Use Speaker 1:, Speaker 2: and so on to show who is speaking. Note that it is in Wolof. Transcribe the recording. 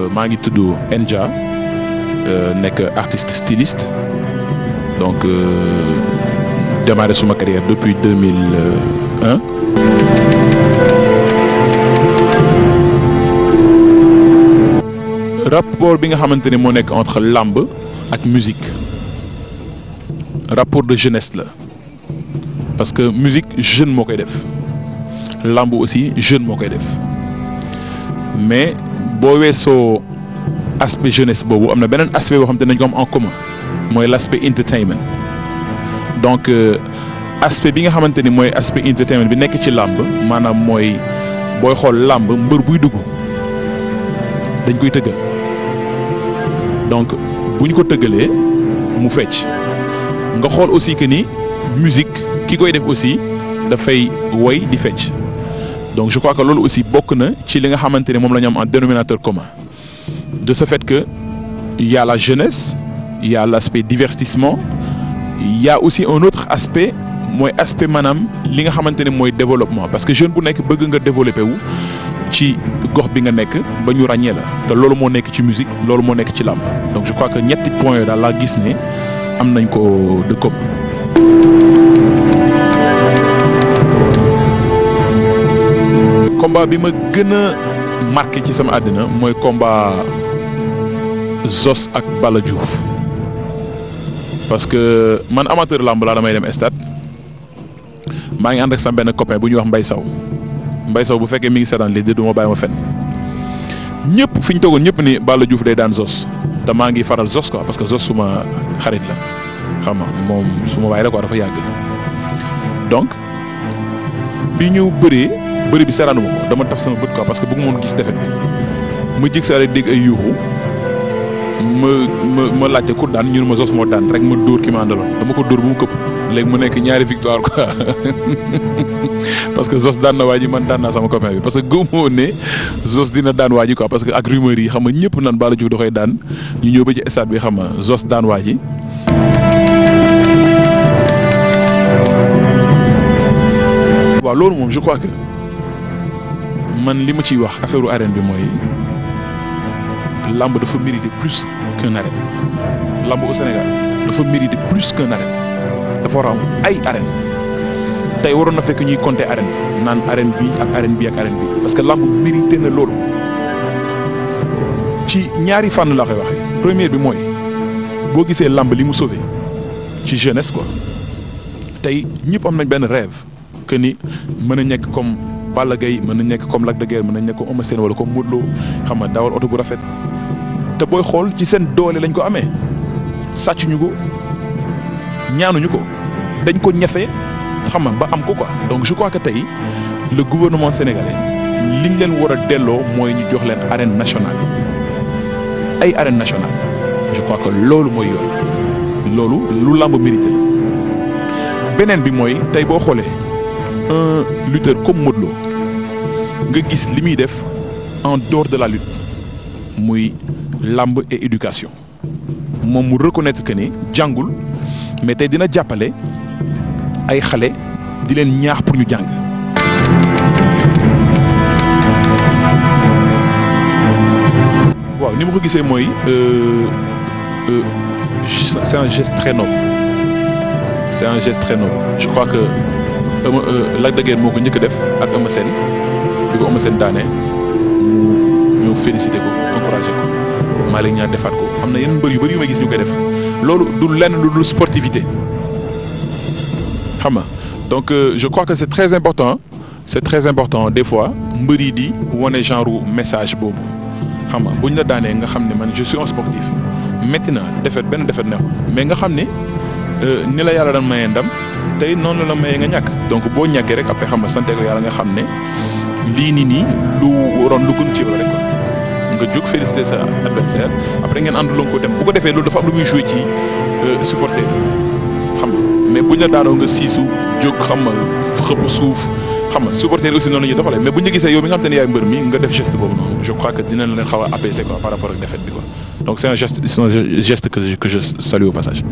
Speaker 1: Euh, maa ngi tudd Enja euh, nekk artiste styliste donc euh, démarré suma carrière depuis 2001. rapport bi nga xamante ne moo nekk entre làmb ak musique rapport de jeunesse la parce que musique jeune moo koy def làmb aussi jeune moo koy def. mais boo weesoo aspect jeunesse boobu am na beneen aspect boo xam te nañ ko am en commun mooy l' aspect entertainment donc euh, aspect bi nga xamante ni mooy aspect entertainment bi nekk ci làmb maanaam mooy booy xool làmb mbër buy dugg dañ koy tëggal donc bu ñu ko tëggalee mu fecc nga xool aussi que ni musique ki koy def aussi dafay woy di fecc donc je crois que loolu aussi bokk na ci li nga xamante ne moom la am en dénominateur commun de ce fait que il la jeunesse il y a l'aspect divertissement il aussi un autre aspect mooy aspect maanaam li nga xamante ne mooy développement parce que jeune bu nekk bëgg nga développé wu ci gox bi nga nekk ba ñu ràññee la te loolu moo nekk ci musique loolu moo nekk ci làmb donc je crois que ñetti point yooyu daal laa gis ne am nañ ko de commun combat bi ma gën a marqué ci sama àddina mooy komba Zos ak Bala Diouf parce que man amateur lamb laa damay dem stade maa ngi ànd ak sama benn copain bu ñuy wax Mbay Saw Mbay Saw bu fekkee mi ngi seetaan lii de du ma bàyyi ma fenn ñëpp fi ñu tegoon ñëpp ni Bala Diouf de daan Zos te maa ngi faral Zos quoi parce que Zos suma xarit la xam nga moom suma waay la quoi dafa yàgg donc bi ñu bëree. bari bi seeraanuma ko dama taf sama bët quoi parce que bëgg moon gis defet bi ma jig saa rek dégg ay yuuxu ma ma ma laajte ku daan ñu ma sos moo daan rek ma dóor ki ma àndaloon dama ko dóor bu mu këpp léegi mu nekk ñaari victoire quoi parce que Zos daan na waa yi man daan naa sama copain bi parce que gëmoo ne Zos dina daan waa ji quoi parce que ak rumeur yi xam nga ñëpp nan Balla Diouf da koy daan ñu ñëw ba ci stade bi xam nga Zos daan waa ji. loolu moom je man li ma ciy wax affaire u bi mooy lamb dafa mériter plus qu'un arène lamb au Sénégal dafa mériter plus qu'un arène dafa war ay arène tey waroon na fekk ñuy compter arène naan arène bi ak arène bi ak arène bi parce que lamb mérité na loolu ci ñaari fànn laa koy waxee première bi mooy boo gisee làmb li mu sauvé ci jeunesse quoi tey ñëpp am nañ benn rêve que mën a nekk comme. Balla Gaye mën na nekk comme Lac de Guiers mën na nekk comme Eumeu Sène wala comme xam nga dawal oto bu rafet te booy xool ci seen doole lañ ko amee sàccuñu ko ñaanuñu ko dañ ko ñafe xam nga ba am ko quoi donc je crois tey le gouvernement sénégalais liñ leen war a delloo mooy ñu jox leen arène nationale ay arène nationale je loolu mooy yoon loolu lu làmb mérité beneen bi mooy tey boo xoolee. un lutteur comme Modou nga gis li muy def en dehors de la lutte muy làmb et éducation moom mu reconnaître que ni jàngul mais tey dina jàppale ay xale di leen ñaax pour ñu jàng. waaw ni mu ko gisee mooy euh, euh, c'est un geste très noble c'est un geste très noble je crois que. ama euh, Lac de Guiers moo ko njëkk def ak Eumeu seen bi ko Eumeu Sène daane mu ñëw félicité ko encouragé ko Malick Niang defaat ko am na yenn mbër yu bëri yu may gis ñu koy def loolu du lenn lu dul sportivité xam nga donc euh, je crois que c'est très important c'est très important des fois mbër yi di wane genre message boobu xam nga bu ñu la daanee nga xam ne man je suis un sportif métti na defet benn defet neexul mais nga xam ne euh, ni la yàlla daan mayee ndam. tey noonu la maye nga ñàkk donc boo ñàkkee rek après xam nga sante ko yàlla nga xam ne lii nii nii lu waroon lu gën ci yow rek nga jóg féliciter sa adversaire après ngeen ànduloo ko dem bu ko defee loolu dafa am lu muy joué ci euh, supporter yi xam nga mais buñ la daanoo nga siisu jóg xam nga xëpp suuf xam nga supporter yi aussi noonu la ñuy mais buñ la gisee yow mi nga xam te ne yaay mbër mi nga def geste boobu noonu je crois que dinañ leen xaw a apaiser par rapport ak défaite bi quoi donc c'est un geste que je que passage.